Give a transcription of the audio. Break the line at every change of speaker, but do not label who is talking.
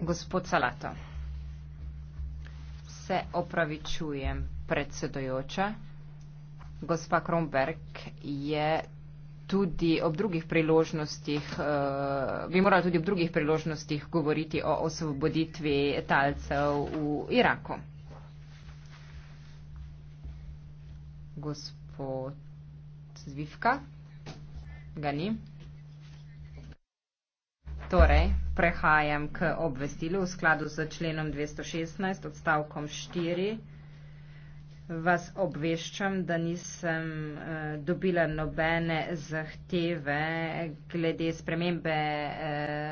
gospod Salato. Se opravičujem, predsedojoča. Gospa Kromberg je tudi ob drugih priložnostih, eh, bi morala tudi ob drugih priložnostih govoriti o osvoboditvi talcev v Iraku. Gospod Zvivka, ga ni. Torej, prehajam k obvestilu v skladu z členom 216 odstavkom 4. Vas obveščam, da nisem eh, dobila nobene zahteve glede spremembe. Eh,